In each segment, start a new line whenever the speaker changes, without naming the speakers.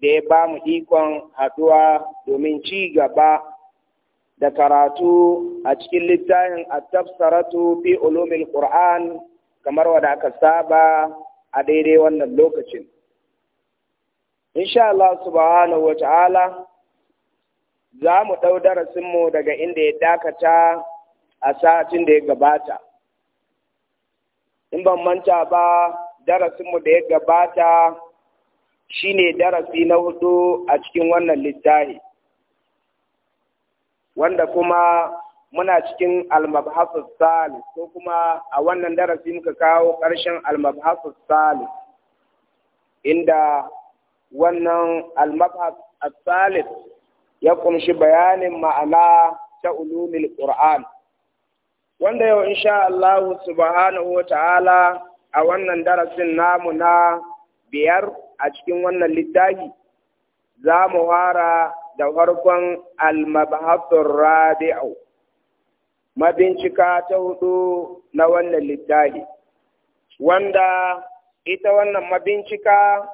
da ya ba mu ikon haɗuwa domin ci gaba da karatu a cikin littafin at tafsaratu fi ulumil qur'an kamar wanda aka saba a daidai wannan lokacin insha Allah subhanahu wa za mu ɗau darasinmu daga inda ya dakata a satin da ya gabata in ban manta ba darasinmu da ya gabata shine darasi na hudu a cikin wannan littafi wanda kuma muna cikin almabhasus salis ko kuma a wannan darasi muka kawo ƙarshen almabhasus salis inda wannan almabhas salis ya kumshi bayanin ma'ana ta ulumil qur'an wanda yau insha Allah subhanahu wa ta'ala a wannan darasin namu na biyar a cikin wannan littafi za mu fara da farkon almabhatur rabi'u mabincika ta hudu na wannan littafi wanda ita wannan mabincika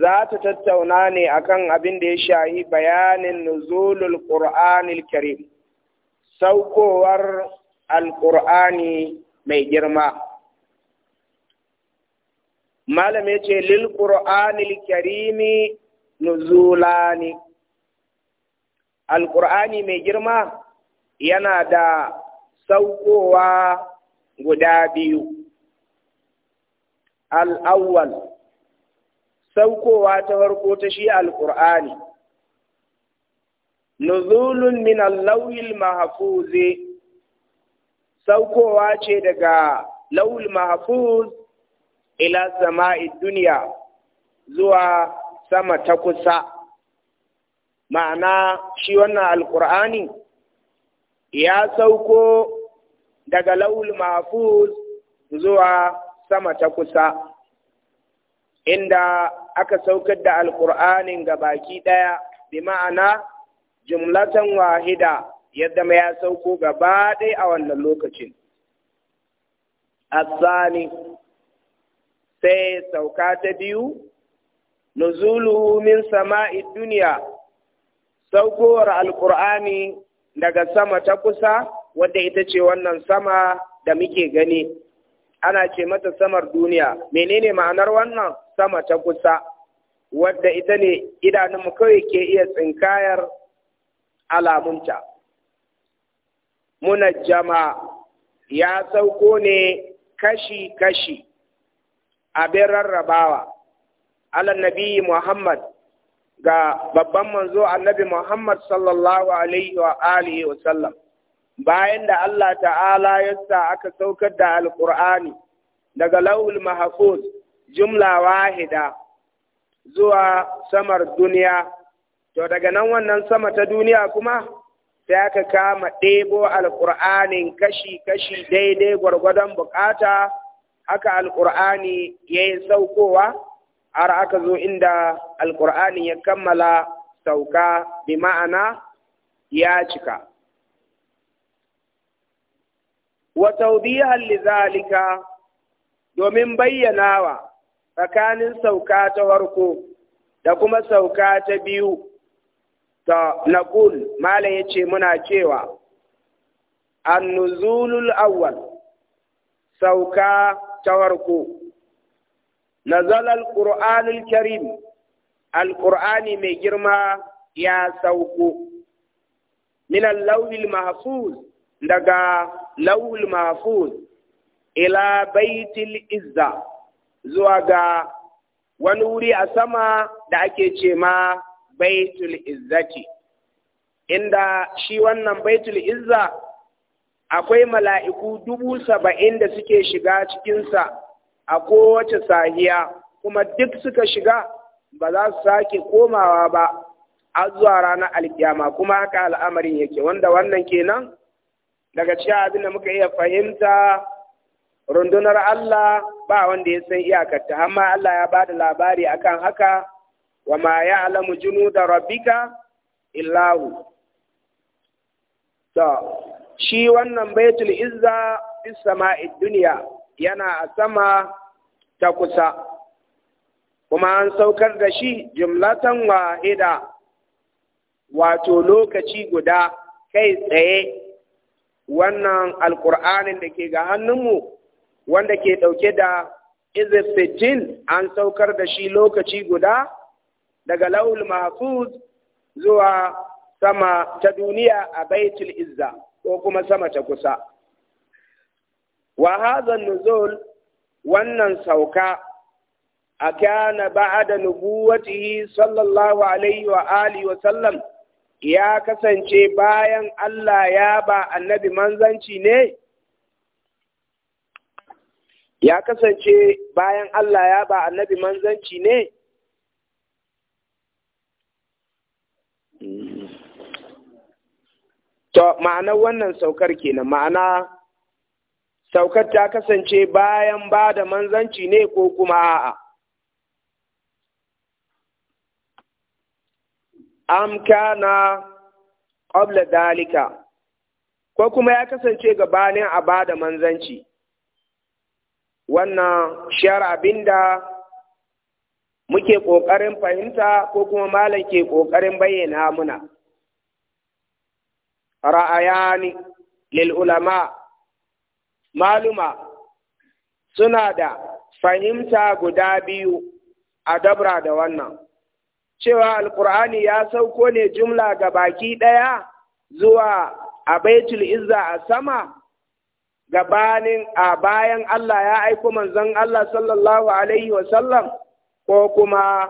za ta tattauna ne akan abin da ya shahi bayanin nuzulul qur'anil karim saukowar alqur'ani mai girma malam ya ce lil qur'anil karimi nuzulani alqur'ani mai girma yana da saukowa guda biyu al'awwal saukowa ta farko ta shi alqur'ani nuzulun min allawil mahfuzi saukowa ce daga lawil mahfuz ila sama'i duniya zuwa sama ta kusa ma'ana shi wannan alkur'ani ya sauko daga laul mahfuz zuwa sama ta kusa inda aka saukar da alkur'anin ga baki ɗaya bi ma'ana jumlatan wahida yadda ma ya sauko gaba ɗaya a wannan lokacin.
Asani
sai sauka ta biyu nuzuluhu min sama'i duniya saukowar alkur'ani daga sama ta kusa wadda ita ce wannan sama da muke gani ana ce mata samar duniya menene ma'anar wannan sama ta kusa wadda ita ne mu kawai ke iya tsinkayar alamunta munajjama ya sauko ne kashi-kashi abin rarrabawa alan nabi Muhammad ga babban manzo annabi Muhammad sallallahu alaihi wa alihi wa sallam bayan da Allah ta'ala ya sa aka saukar da alqur'ani daga lawul mahfuz jumla wahida zuwa samar duniya to daga nan wannan sama ta duniya kuma sai aka kama ɗebo alƙur'anin kashi-kashi daidai gwargwadon buƙata? haka alƙur'ani ya yi saukowa har aka zo inda alƙur'ani ya kammala sauka bi ma'ana ya cika wa tawdihan lizalika domin bayyanawa tsakanin sauka ta farko da kuma sauka ta biyu ta naqul malam yace muna cewa an-nuzulul awwal sauka ta farko nazala alqur'anul karim alqur'ani mai girma ya sauko min al-lawhil mahfuz daga lawhul mahfuz ila baitil izza zuwa ga wani wuri a sama da ake ce ma baitul izzati inda shi wannan baitul izza akwai mala'iku dubu saba'in da suke shiga cikinsa a kowace sahiya kuma duk suka shiga ba za su sake komawa ba a zuwa ranar alkiyama kuma haka al'amarin yake wanda wannan kenan daga cewa abin da muka iya fahimta rundunar Allah ba wanda ya san iyakarta amma Allah ya ba da labari akan haka wa ma ya alamu junu da rabbika illahu to shi wannan baitul izza fis sama'id dunya yana a sama ta kusa kuma an saukar da shi jumlatan wahida wato lokaci guda kai tsaye wannan alkur'anin da ke ga hannunmu wanda ke ɗauke da izifitin an saukar da shi lokaci guda daga laul mahfuz zuwa sama ta duniya a baitul izza ko kuma sama ta kusa wa hadha nuzul wannan sauka a kana ba'da nubuwatihi sallallahu alaihi wa alihi wa sallam ya kasance bayan Allah ya ba annabi manzanci ne ya kasance bayan Allah ya ba annabi manzanci ne To, ma'ana wannan saukar kenan, ma'ana saukar ta kasance bayan ba da manzanci ne ko kuma a'a. Amka na ƙobla dalika, ko kuma ya kasance gabanin a ba da manzanci. Wannan shiyar da muke ƙoƙarin fahimta ko kuma malam ke ƙoƙarin bayyana muna. ra'ayani lil ulama maluma suna da fahimta guda biyu a dabra da wannan cewa alkur'ani ya sauko ne jumla ga baki ɗaya zuwa a baitul izza a sama gabanin a bayan Allah ya aiko manzon Allah sallallahu alaihi wasallam ko kuma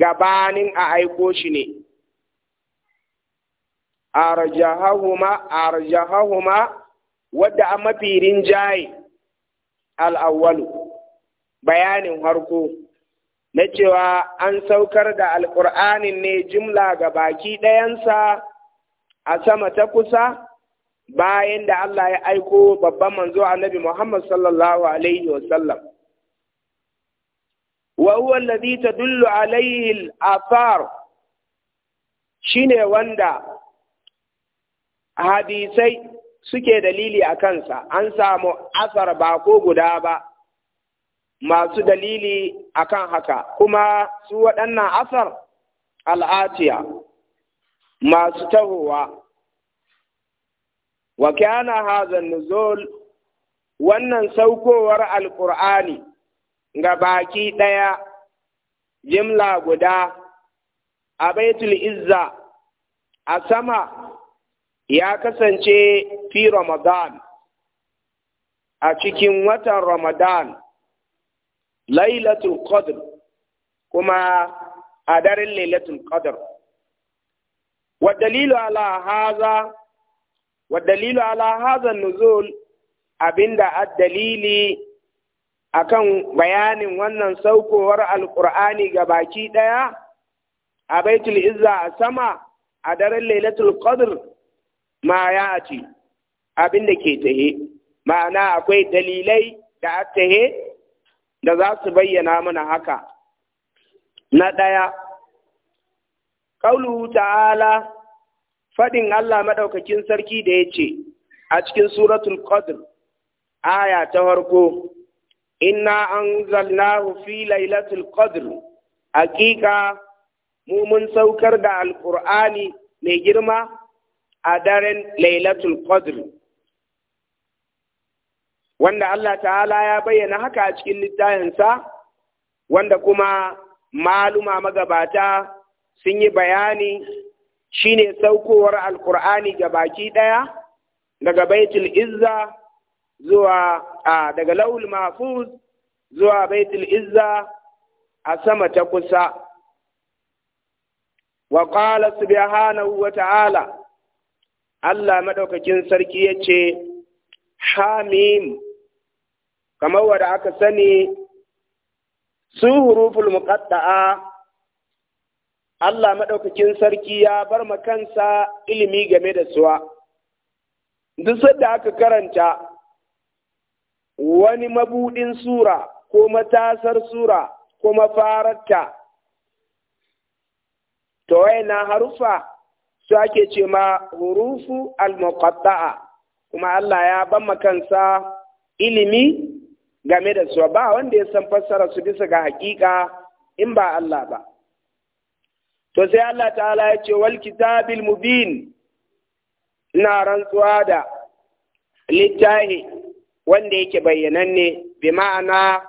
gabanin a aiko shi ne arjahahuma arjahahuma wadda a mafi rinjaye al'awwalu bayanin harko na cewa an saukar da alƙur'anin ne jumla ga baki ɗayansa a sama ta kusa bayan da Allah ya aiko babban manzo annabi Muhammad sallallahu alaihi wasallam. Wa huwa alladhi tadullu alaihi al-athar shine wanda hadisai suke dalili a kansa an samu asar ba ko guda ba masu dalili akan haka kuma su waɗannan asar al'atiya masu tahowa wa na hazan nuzul wannan saukowar alƙur'ani ga baki ɗaya jimla guda a baitul izza a sama ya kasance fi Ramadan a cikin watan Ramadan Lailatul Qadr kuma a daren Lailatul Qadr wa dalilu ala haza wa dalilu ala nuzul abinda ad-dalili akan bayanin wannan saukowar Alƙur'ani ga baki ɗaya a baitul izza a sama a daren lailatul qadr ma ya ce abin da ke tahe ma'ana akwai dalilai da tahe da za su bayyana mana haka na ɗaya ƙaunu ta'ala faɗin Allah maɗaukakin sarki da ya ce a cikin suratul qadr aya ta farko inna anzalnahu fi lailatul qadr hakika mu mun saukar da Alƙur'ani mai girma a daren lailatul qadr wanda Allah ta'ala ya bayyana haka a cikin littafinsa wanda kuma maluma magabata sun yi bayani shine saukowar alkur'ani ga baki ɗaya daga baitul izza zuwa a daga laul mahfuz zuwa baitul izza a sama ta kusa wa qala subhanahu wa ta'ala Allah maɗaukakin sarki ya ce, Hamim, kamar wadda aka sani, su huruful muƙadda'a, Allah maɗaukakin sarki ya bar makansa ilimi game da suwa. Duk sadda aka karanta wani mabuɗin sura ko matasar sura ko mafararta, to na harufa su ake ce ma hurufu al-muqatta'a kuma Allah ya ban kansa ilimi game da su ba wanda ya san fassara su bisa ga haƙiƙa in ba Allah ba to sai Allah ta'ala ya ce wal kitabil mubin ina rantsuwa da littahi wanda yake ne bi ma'ana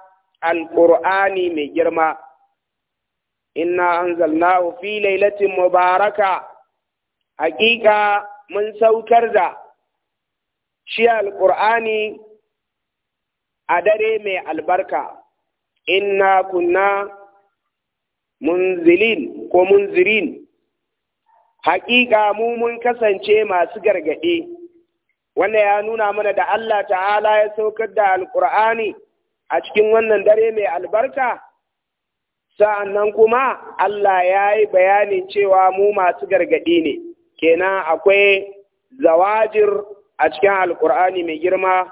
al-qur'ani mai girma inna anzalnahu fi lailatin mubaraka haƙiƙa mun saukar da shi alƙur'ani a dare mai albarka inna kunna munzilin ko munzirin haƙiƙa mu mun kasance masu gargaɗe wannan ya nuna mana da Allah ta'ala ya saukar da alƙur'ani a cikin wannan dare mai albarka sa'annan kuma Allah ya yi bayanin cewa mu masu gargaɗi ne kenan akwai zawajir a cikin alkur'ani mai girma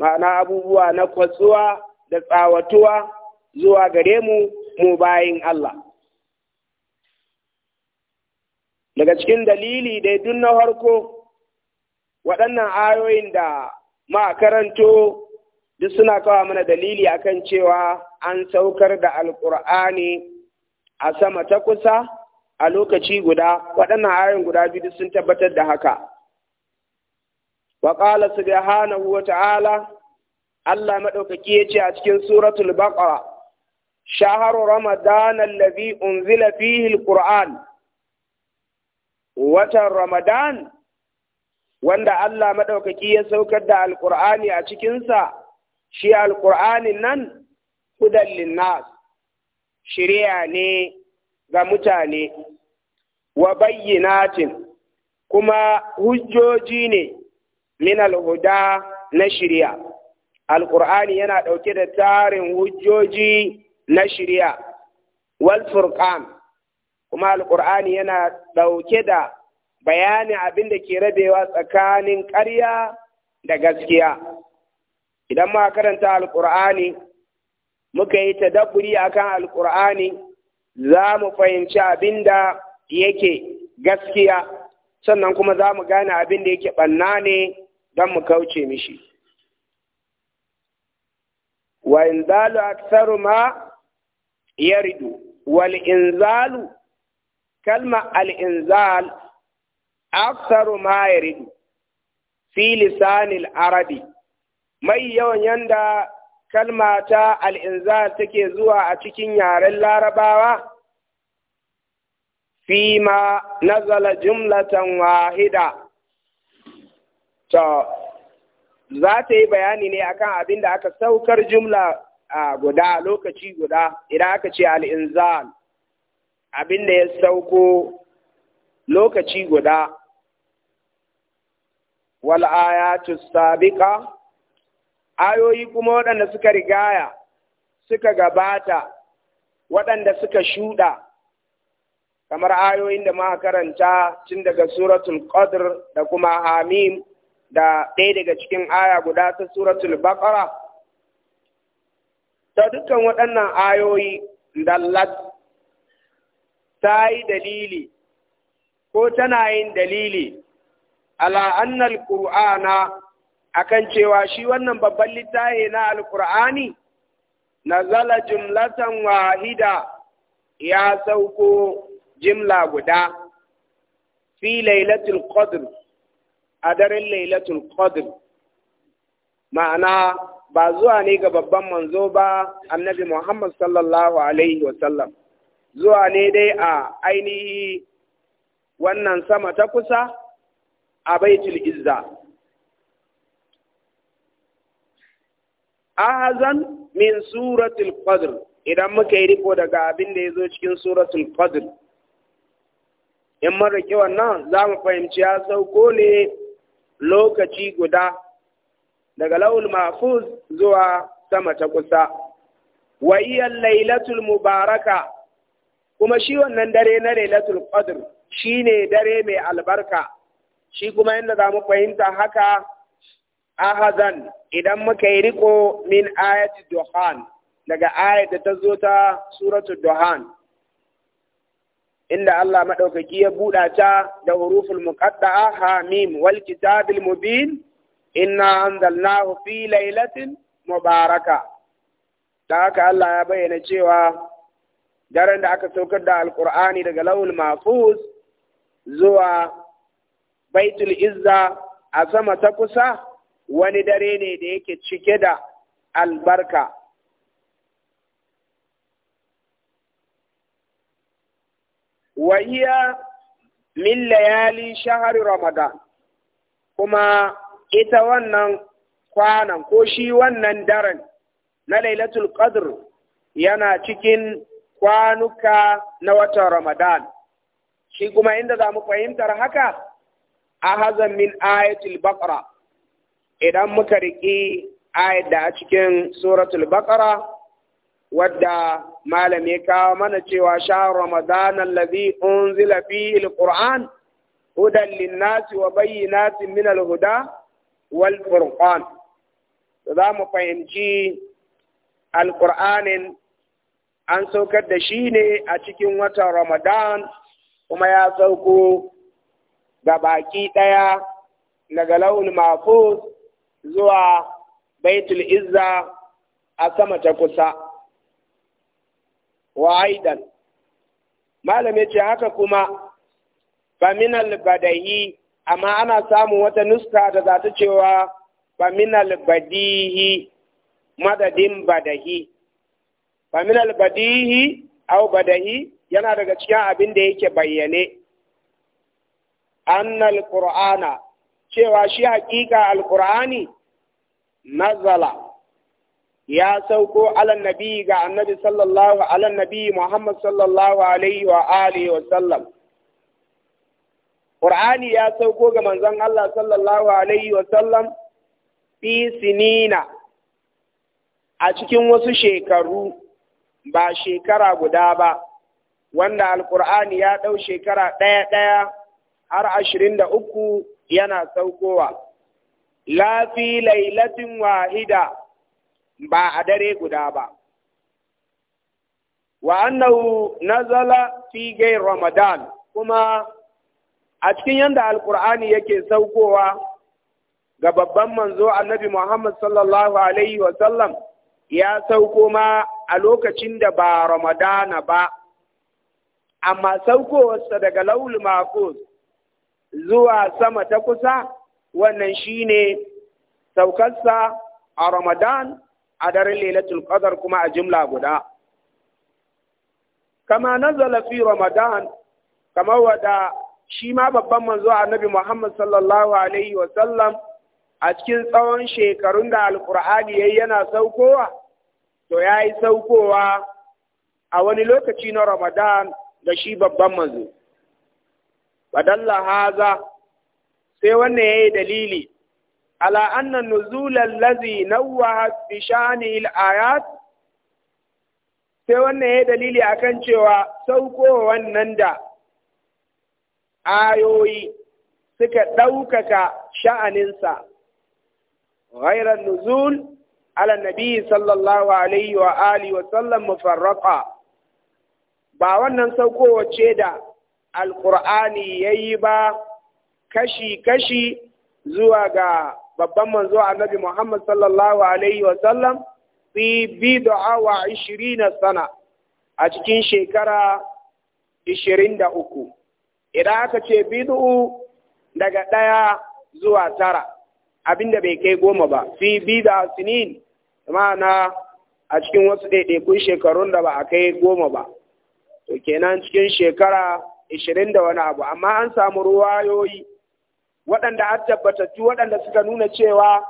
ma'ana abubuwa na kwatsuwa da tsawatuwa zuwa gare mu mu bayin Allah daga cikin dalili dai dun na harko waɗannan ayoyin da makaranto duk suna kawo mana dalili akan cewa an saukar da alkur'ani a sama ta kusa a lokaci guda waɗannan ayoyin guda biyu sun tabbatar da haka wa qala subhanahu wa ta'ala Allah madaukaki ce a cikin suratul baqara shahru ramadan allazi unzila fihi alquran watan ramadan wanda Allah madaukaki ya saukar da alqur'ani a cikinsa shi alqur'anin nan hudan linnas Shiriya ne ga mutane wa bayyinatin kuma hujjoji ne min alhuda na shirya alkur'ani yana ɗauke da tarin hujjoji na shirya wal furqan kuma alkur'ani yana ɗauke da bayani abin da ke rabewa tsakanin ƙarya da gaskiya idan ma karanta alkur'ani muka yi tadabburi akan alkur'ani za mu fahimci abin da yake gaskiya sannan kuma za mu gane abin da yake ɓanna ne don mu kauce mishi wa inzalu aksaru ma ridu. wal inzalu kalma al inzal aksaru ma yaridu fi lisanil arabi mai yawan yanda kalma ta al'inzal take zuwa a cikin yaren larabawa fima nazala jumlatan wahida to za ta yi bayani ne akan abin da aka saukar jumla a guda lokaci guda idan aka ce al'inzal abin da ya sauko lokaci guda wal ayatu sabiqa ayoyi kuma waɗanda suka rigaya suka gabata waɗanda suka shuɗa kamar ayoyin da muka karanta tun daga suratul qadr da kuma hamim da ɗaya daga cikin aya guda ta suratul baqara ta dukkan waɗannan ayoyi dallat ta yi dalili ko tana yin dalili ala annal qur'ana akan cewa shi wannan babban littafi na alkur'ani nazala jumlatan wahida ya sauko jimla guda fi lailatul qadr a daren lailatul qadr ma'ana ba zuwa ne ga babban manzo ba annabi muhammad sallallahu alaihi wasallam zuwa ne dai a ainihi wannan sama ta kusa a baitul izza ahazan min suratul qadr idan muka yi riko daga abin da ya zo cikin suratul qadr in mun rike wannan za mu fahimci ya sauko ne lokaci guda daga laul mahfuz zuwa sama ta kusa wa iya lailatul mubaraka kuma shi wannan dare na lailatul qadr shine dare mai albarka shi kuma yadda za mu fahimta haka ahazan idan muka yi riko min ayati duhan daga ayat da ta zo ta suratu duhan inda Allah madaukaki ya buɗa ta da huruful muqatta'a hamim wal kitabil mubin inna anzalnahu fi lailatin mubaraka da haka Allah ya bayyana cewa daren da aka saukar da alkur'ani daga lawul mafuz zuwa baitul izza a sama ta kusa wani dare ne da yake cike da albarka wa iya min layali shahari ramadan kuma ita wannan kwanan ko shi wannan daren na lailatul qadr yana cikin kwanuka na watan ramadan shi kuma inda za mu fahimtar haka a hazan min ayatul baqara idan muka riƙi ayat da a cikin suratul baqara wadda malami kawo mana cewa sha ramadan allazi unzila fihi alquran hudan linnasi wa bayyinatin min alhuda wal furqan za mu fahimci alqur'anin an saukar da shi ne a cikin watan ramadan kuma ya sauko ga baki ɗaya daga laul mafus zuwa baitul izza a sama ta kusa wa aidan malam yace haka kuma faminal badahi amma ana samun wata nuska da za ta cewa faminal badihi
madadin
badahi faminal badihi au badahi yana daga cikin abin da yake bayyane annal qur'ana cewa shi hakika alkur'ani nazala ya sauko alan nabi ga annabi sallallahu alan nabi muhammad sallallahu alaihi wa alihi wa sallam qur'ani ya sauko ga manzon Allah sallallahu alaihi wa sallam fi sinina a cikin wasu shekaru ba shekara guda ba wanda alkur'ani ya ɗau shekara ɗaya ɗaya har ashirin da uku yana saukowa la fi lailatin wahida ba a dare guda ba wa annahu nazala fi gai ramadan kuma a cikin yadda alkur'ani yake saukowa ga babban manzo annabi muhammad sallallahu alaihi wasallam ya sauko ma a lokacin da ba ramadana ba amma saukowarsa daga laulu mafus zuwa sama ta kusa wannan shine saukarsa a Ramadan a daren Lailatul Qadar kuma a jumla guda. Kama nazala fi Ramadan kamar wada shi ma babban manzo annabi Muhammad sallallahu alaihi wa sallam a cikin tsawon shekarun da alkur'ani yayi yana saukowa to yayi saukowa a wani lokaci na Ramadan da shi babban manzo fadalla haza sai wannan yayi dalili ala anna nuzul allazi nawwaha bi sha'nihi al-ayat sai wannan yayi dalili akan cewa sauko wannan da ayoyi suka ɗaukaka sha'aninsa ghairan nuzul ala nabi sallallahu alaihi wa alihi wa sallam mufarraqa ba wannan saukowa wace da alƙur'ani ya yi ba kashi-kashi zuwa ga babban manzo annabi Muhammad sallallahu Alaihi wasallam fi bid'a wa 20 sana a cikin shekara ishirin Idan aka ce bid'u daga ɗaya zuwa tara abinda bai kai goma ba fi da sinin ma'ana a cikin wasu ɗaiɗaikun shekarun da ba a kai goma ba. To kenan cikin shekara ishirin da wani abu amma an samu ruwayoyi waɗanda an tabbatattu waɗanda suka nuna cewa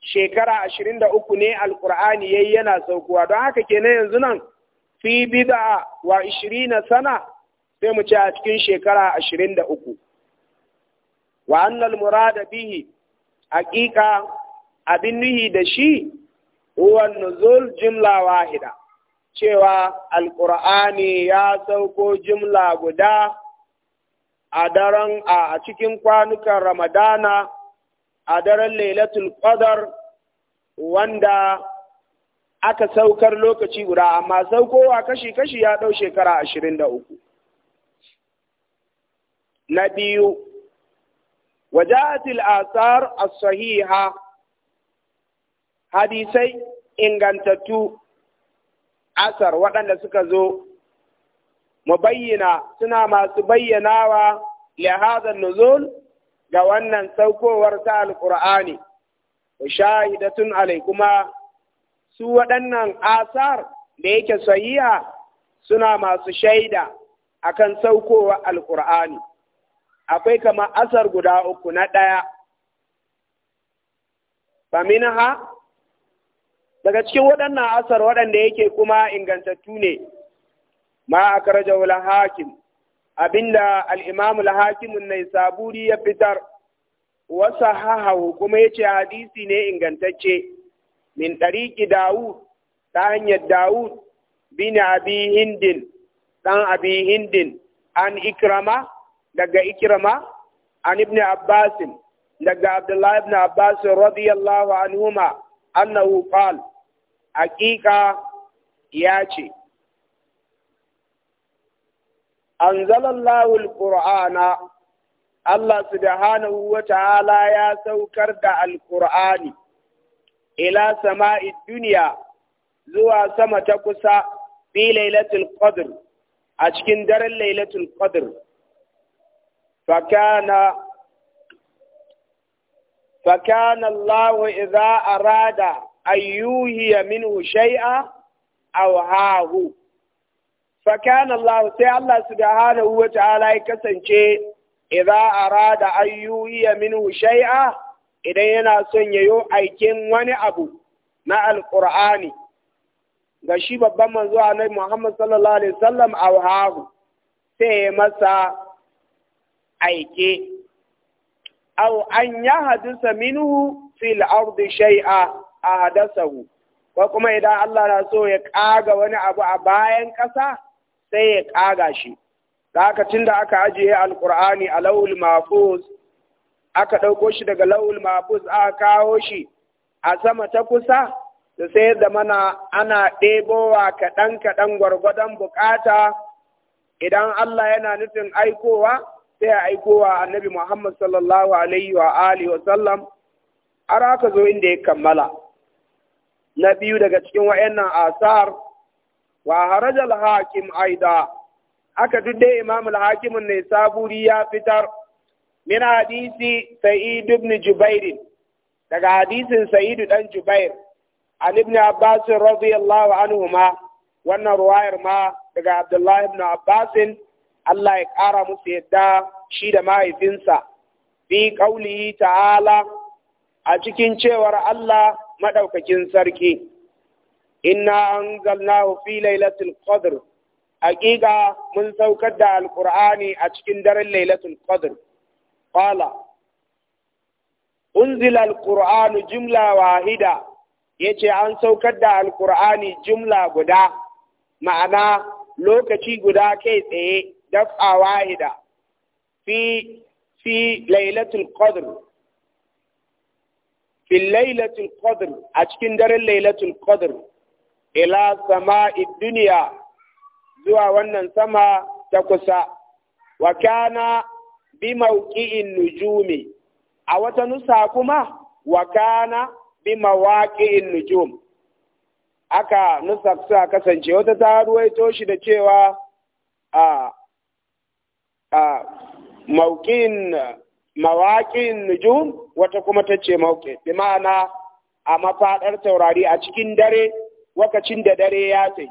shekara ashirin da uku ne alkur'ani yi yana saukowa don haka kenan yanzu nan fi bida wa ishirina sana sai mu ce a cikin shekara ashirin da uku wa annal murada bihi haƙiƙa abin nuhi da shi huwa nuzul jimla wahida cewa alƙur'ani ya sauko jimla guda a daren a cikin kwanukan ramadana a daren lailatul qadar wanda aka saukar lokaci guda amma saukowa kashi-kashi ya ɗau shekara ashirin da uku na biyu wajatil asar as-sahiha hadisai ingantattu asar waɗanda suka zo mu bayyana suna masu bayyanawa li hadha nuzul ga wannan saukowar ta alqur'ani wa shahidatun alai kuma su waɗannan asar da yake sahiha suna masu shaida akan saukowar Alƙur'ani. akwai kama asar guda uku na ɗaya faminha daga cikin waɗannan asar waɗanda yake kuma ingantattu ne ma a raja wula hakim abinda al'imamul hakimun nai saburi ya fitar wasa hahahu kuma ya ce hadisi ne ingantacce min ɗariƙi dawud ta hanyar dawud bin abi hindin ɗan abi hindin an ikrama daga ikrama an ibn abbasin daga abdullahi ibn abbasin radiyallahu anhuma annahu qala haƙiƙa ya ce anzalallahu alqur'ana Allah subhanahu wa ta'ala ya saukar da alqur'ani ila sama'i duniya zuwa sama ta kusa fi lailatul qadr a cikin daren lailatul qadr fakana fakana Allah idza arada ayyuhiya ya shay'a aw a wahahu. kana Allah sai Allah subhanahu wa ta'ala ya kasance idza arada ya minhu shay'a idan yana son yayo aikin wani abu na alƙur'ani ga shi babban manzo Annabi Muhammad sallallahu alaihi wasallam a wahahu sai masa aike aw an hadisa minhu fil ardi shai'a. ahadasahu ko kuma idan Allah na so ya kaga wani abu a bayan ƙasa sai ya kaga shi haka tunda aka ajiye alqur'ani a lawul mahfuz aka ɗauko shi daga lawul mahfuz aka kawo shi a sama ta kusa da sai da mana ana ɗebowa kaɗan kaɗan gwargwadon bukata idan Allah yana nufin aikowa sai a aikowa annabi Muhammad sallallahu alaihi wa alihi wa sallam har aka zo inda ya kammala na biyu daga cikin wa'annan asar wa harajal hakim aida aka dudde imam al-hakim ne saburi ya fitar min hadisi sa'id ibn jubair daga hadisin sa'id dan jubair an ibn abbas radiyallahu anhuma wannan ruwayar ma daga abdullahi ibn abbas Allah ya ƙara musu yadda shi da mahaifinsa fi ƙauli ta'ala a cikin cewar Allah madaukakin sarki inna anzalnahu fi lailatul qadr haƙiƙa mun saukar da alƙur'ani a cikin daren lailatul qadr qala unzila alqur'anu jumla wahida yace an saukar da alƙur'ani jumla guda ma'ana lokaci guda kai tsaye dafa wahida fi fi lailatul qadr fil lailatul qadr a cikin daren Laylatul qadr ila sama'i duniya zuwa wannan sama ta kusa wa kana bi mawqi'in nujumi a wata nusa kuma wa kana bi mawaqi'in nujum aka nusa sa kasance wata ta ruwaito shi da cewa a a mawqi'in mawaƙin nujum wata kuma ta ce mauke bi ma'ana a mafaɗar taurari a cikin dare wakacin da dare ya tafi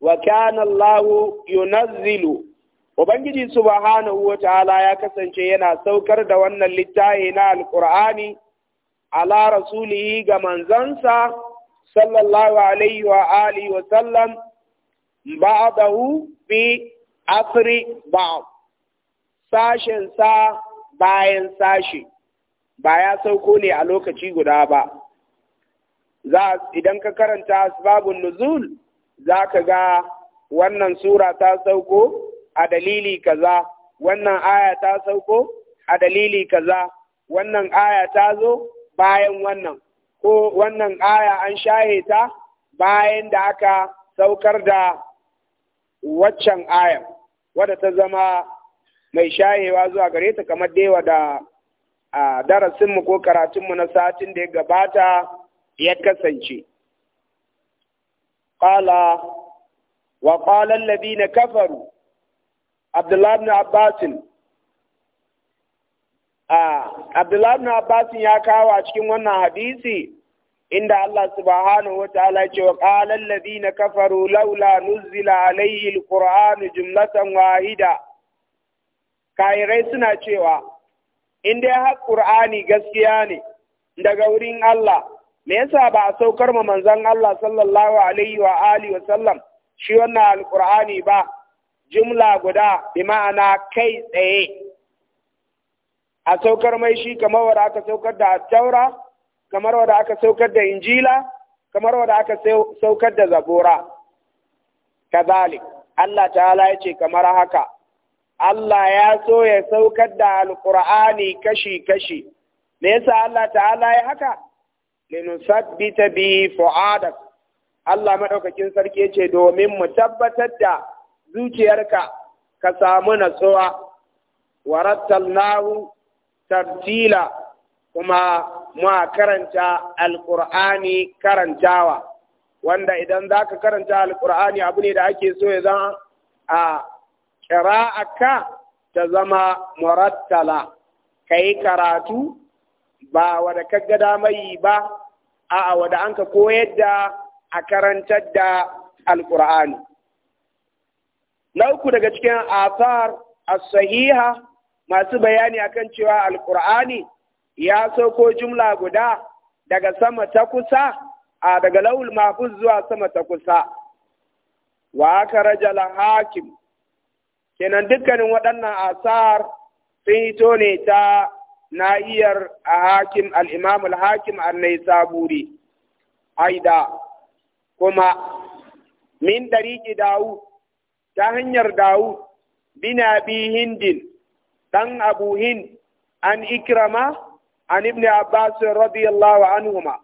wa kana Allah yunazzilu ubangiji subhanahu wa ta'ala ya kasance yana saukar da wannan littafi na alqur'ani ala rasulihi ga manzansa sallallahu alaihi wa alihi wa sallam ba'dahu bi asri ba'd sashen sa bayan sashi ba ya sauko ne a lokaci guda ba za idan ka karanta asbabun nuzul za ka ga wannan sura ta sauko a dalili kaza wannan aya ta sauko a dalili kaza wannan aya ta zo bayan wannan ko wannan aya an shahe ta bayan da aka saukar da waccan aya. wadda ta zama mai shayewa zuwa gare ta kamar dewa da a darasinmu ko karatunmu na satin da ya gabata ya kasance. Kala, wa ƙalan labi na kafaru, Abdullahi Abbasin. Abdullahi Abbasin ya kawo a cikin wannan hadisi inda Allah subhanahu wa ta'ala ce wa ƙalan labi na kafaru laula nuzila alayhi al-Qur'anu jumlatan wahida. kayirai suna cewa in dai har Qur'ani gaskiya ne daga wurin Allah me yasa ba a saukar ma manzon Allah sallallahu alaihi wa alihi wa sallam shi wannan alqur'ani ba jumla guda bi ma'ana kai tsaye a saukar mai shi kamar wanda aka saukar da taura kamar wanda aka saukar da injila kamar wanda aka saukar da zabura kazalik Allah ta'ala ya ce kamar haka Allah ya so ya saukar da alƙur'ani kashi-kashi. Me yasa Allah ta'ala ya haka? Linusabbita bi fu'adak. Allah maɗaukakin sarki ce domin mu tabbatar da zuciyarka ka samu natsuwa. nahu tartila kuma ma karanta alƙur'ani karantawa. Wanda idan za ka karanta alƙur'ani abu ne da ake so ya zama a ƙira'aka ta zama murattala ka yi karatu ba wadda ka gada mai ba a wadda an ka koyar da a karantar da alƙur'ani na uku daga cikin asar a sahiha masu bayani akan cewa alƙur'ani ya sauko jumla guda daga sama ta kusa a daga laul mahfuz zuwa sama ta kusa wa aka rajala hakim kenan dukkanin waɗannan asar sun hito ne ta na'iyar a hakim al'imam al-hakim annai saburi aida kuma min dariki dawu ta hanyar dawu bina bi hindin ɗan abu hind an ikrama an ibn abbas radiyallahu anhuma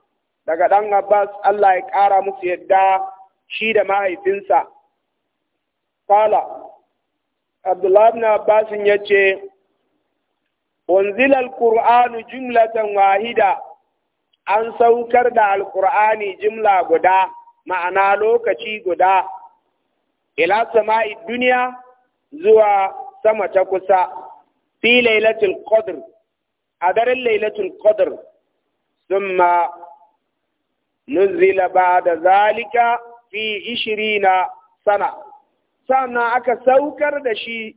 daga ɗan abbas allah ya ƙara musu yadda shi da mahaifinsa Fala. Abdullah ibn Abbas ya ce unzila alqur'anu jumlatan wahida an saukar da alqur'ani jumla guda ma'ana lokaci guda ila sama'i duniya zuwa sama ta kusa fi lailatul qadr a daren lailatul qadr thumma nuzila ba'da zalika fi 20 sana sannan aka saukar da shi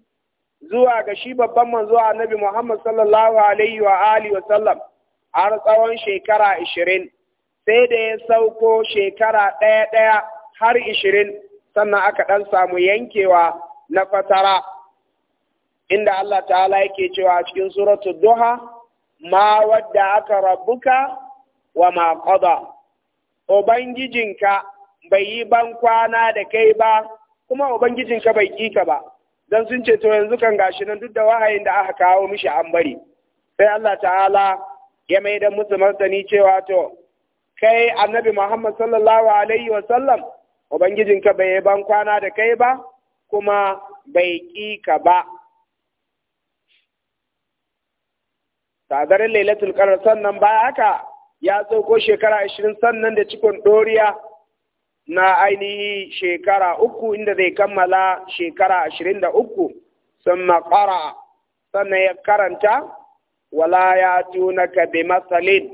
zuwa ga shi babban manzo annabi Muhammad sallallahu alaihi wa alihi wa sallam har tsawon shekara 20 sai da ya sauko shekara ɗaya ɗaya har 20 sannan aka ɗan samu yankewa na fatara inda Allah ta'ala yake cewa a cikin suratul duha ma wadda aka rabbuka wa ma qada ubangijinka bai yi ban kwana da kai ba kuma ubangijinka bai ka ba dan sun ce to yanzu kan gashi nan duk da wahayin da aka kawo mishi an bari sai Allah ta'ala ya mai da musu martani cewa to kai annabi Muhammad sallallahu alaihi wa sallam ubangijinka bai ban kwana da kai ba kuma bai ka ba sadarin lailatul qadr sannan baya haka ya tsoko shekara 20 sannan da cikon ɗoriya. na ainihi shekara uku inda zai kammala shekara ashirin da uku sun makara sannan ya karanta wala ya tunaka bi matsalin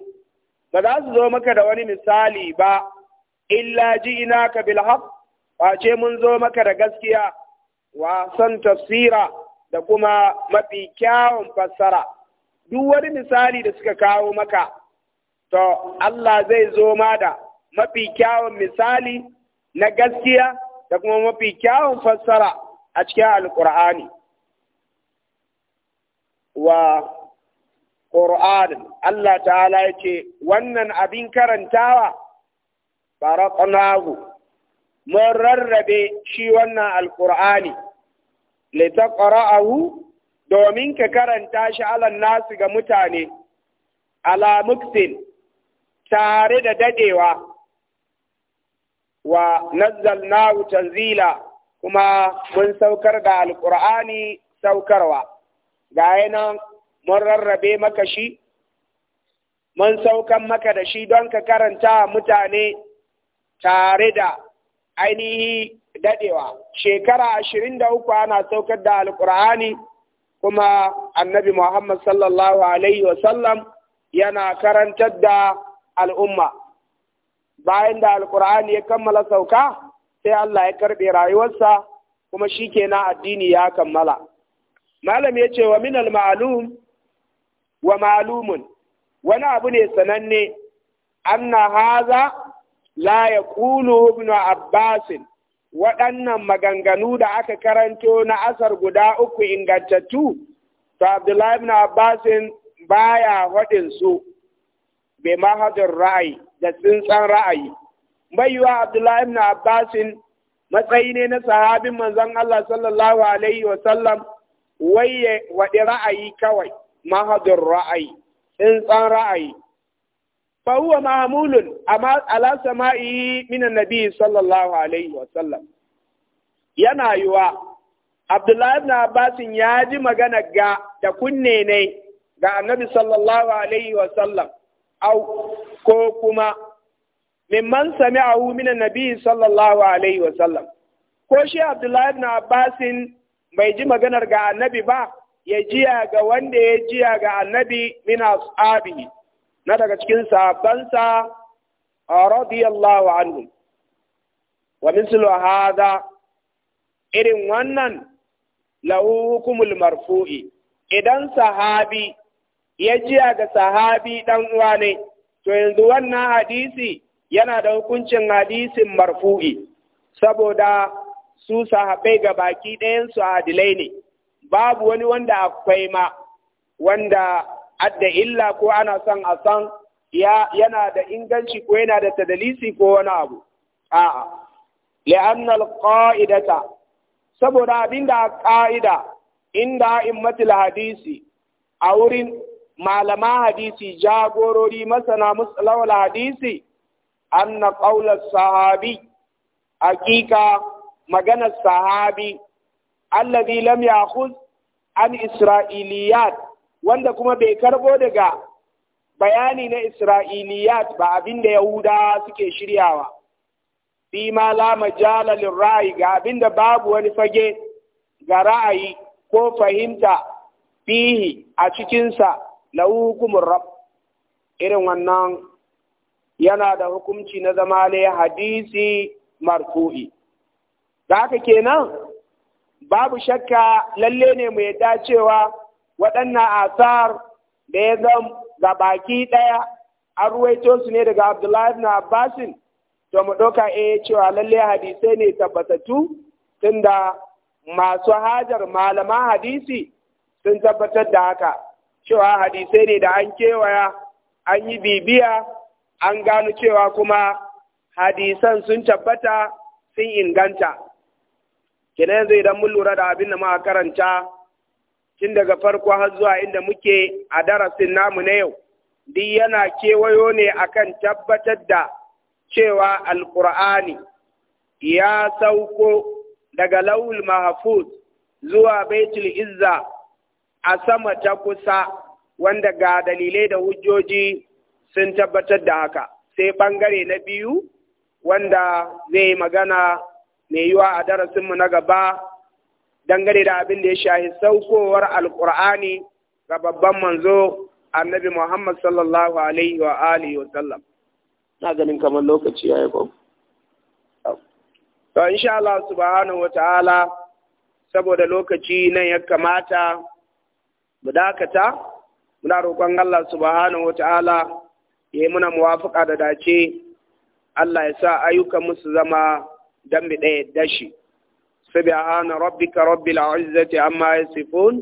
ba za su zo maka da wani misali ba illa ji ina ka bil ba ce mun zo maka da gaskiya wa san tafsira da kuma mafi kyawun fassara duk wani misali da suka kawo maka to Allah zai zo ma da mafi kyawun misali na gaskiya da kuma mafi kyawun fassara a cikin alƙur'ani wa ƙur'anin Allah ta'ala ya ce wannan abin karantawa faraƙonahu mun rarrabe shi wannan alƙur'ani litaqra'ahu domin ka karanta shi alan nasu ga mutane ala tare da dadewa wa nazzalnahu tanzila kuma mun saukar da Alƙur'ani saukarwa ga nan mun rarrabe maka shi mun saukan maka da shi don ka karanta mutane tare da ainihi daɗewa. shekara ashirin da uku ana saukar da alkur'ani kuma annabi muhammad sallallahu alaihi wasallam yana karantar da al'umma bayan da alkur'ani ya kammala sauka sai Allah ya karɓe rayuwarsa kuma shi kenan addini ya kammala malam ya ce wa min ma'alum wa ma'lumun wani abu ne sananne anna haza la ya kulu ibn abbasin waɗannan maganganu da aka karanto na asar guda uku ingantattu to abdullahi ibn abbasin baya haɗin su bai mahadin ra'ayi da tsintsan ra'ayi baiwa abdullahi ibn Abbas matsayi ne na sahabin manzon Allah sallallahu alaihi wa sallam waye waɗi ra'ayi kawai mahadur ra'ayi tsintsan ra'ayi fa huwa mahmulun amma ala sama'i min annabi sallallahu alaihi wa sallam yana yiwa Abdullahi ibn Abbas ya ji magana ga da kunne ne ga Annabi sallallahu alaihi wa sallam au ko kuma mimman sami'ahu min annabi sallallahu alaihi wa sallam ko shi Abdullahi ibn Abbasin bai ji maganar ga annabi ba ya jiya ga wanda ya jiya ga annabi min ashabihi na daga cikin sahabbansa radiyallahu anhu wa mislu hadha irin wannan lahu hukumul marfu'i idan sahabi ya jiya ga sahabi dan uwa ne to yanzu wannan hadisi yana da hukuncin hadisin marfu'i saboda su sahabai ga baki ɗayan su adilai ne babu wani wanda akwai ma wanda adda illa ko ana son a san ya yana da inganci ko yana da tadalisi ko wani abu a'a li'anna alqa'idata saboda abinda ka'ida, inda immatul hadisi a wurin malama hadisi jagorori masana musalawal hadisi anna qaulas sahabi hakika maganar sahabi alladhi lam ya'khudh an isra'iliyat wanda kuma bai karbo daga bayani na isra'iliyat ba abinda yahuda suke shiryawa bi ma la majala lirra'i ga abinda babu wani fage ga ra'ayi ko fahimta fihi a cikinsa lahu kumur rab irin wannan yana da hukunci na zama ne hadisi marfu'i da haka kenan babu shakka lalle ne mu yadda cewa waɗannan asar da ya zan ga baki ɗaya an ruwaito su ne daga Abdullahi ibn Abbasin to mu ɗauka eh cewa lalle hadisai ne tabbatatu? tunda masu hajar malaman hadisi sun tabbatar da haka cewa hadisai ne da an kewaya an yi bibiya an gano cewa kuma hadisan sun tabbata sun inganta Kina yanzu idan mun lura da abin da ma karanta tun daga farko har zuwa inda muke a darasin namu na yau duk yana kewayo ne akan tabbatar da cewa Alƙur'ani ya sauko daga laul mahfuz zuwa baitul izza a sama ta kusa wanda ga dalilai da hujjoji sun tabbatar da haka sai ɓangare na biyu wanda zai magana mai yiwa a darasinmu na gaba dangane da abin da ya shahi saukowar alkur'ani ga babban manzo annabi muhammad sallallahu alaihi wa alihi wa sallam na ganin kamar lokaci ya yi ba to insha Allah subhanahu wa ta'ala saboda lokaci nan ya kamata mu dakata muna roƙon Allah subhanahu wataala ya yi muna muwafaƙa da dace Allah ya sa ayyukan musu zama dan bi ɗaya dashi subhana rabbika rabbil izzati amma yasifun wa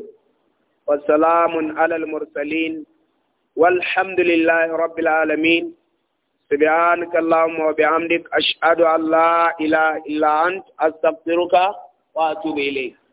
wasalamun alal mursalin walhamdulillahi rabbil alamin سبحانك bi وبحمدك أشهد Allah ila إله إلا أنت wa وأتوب إليك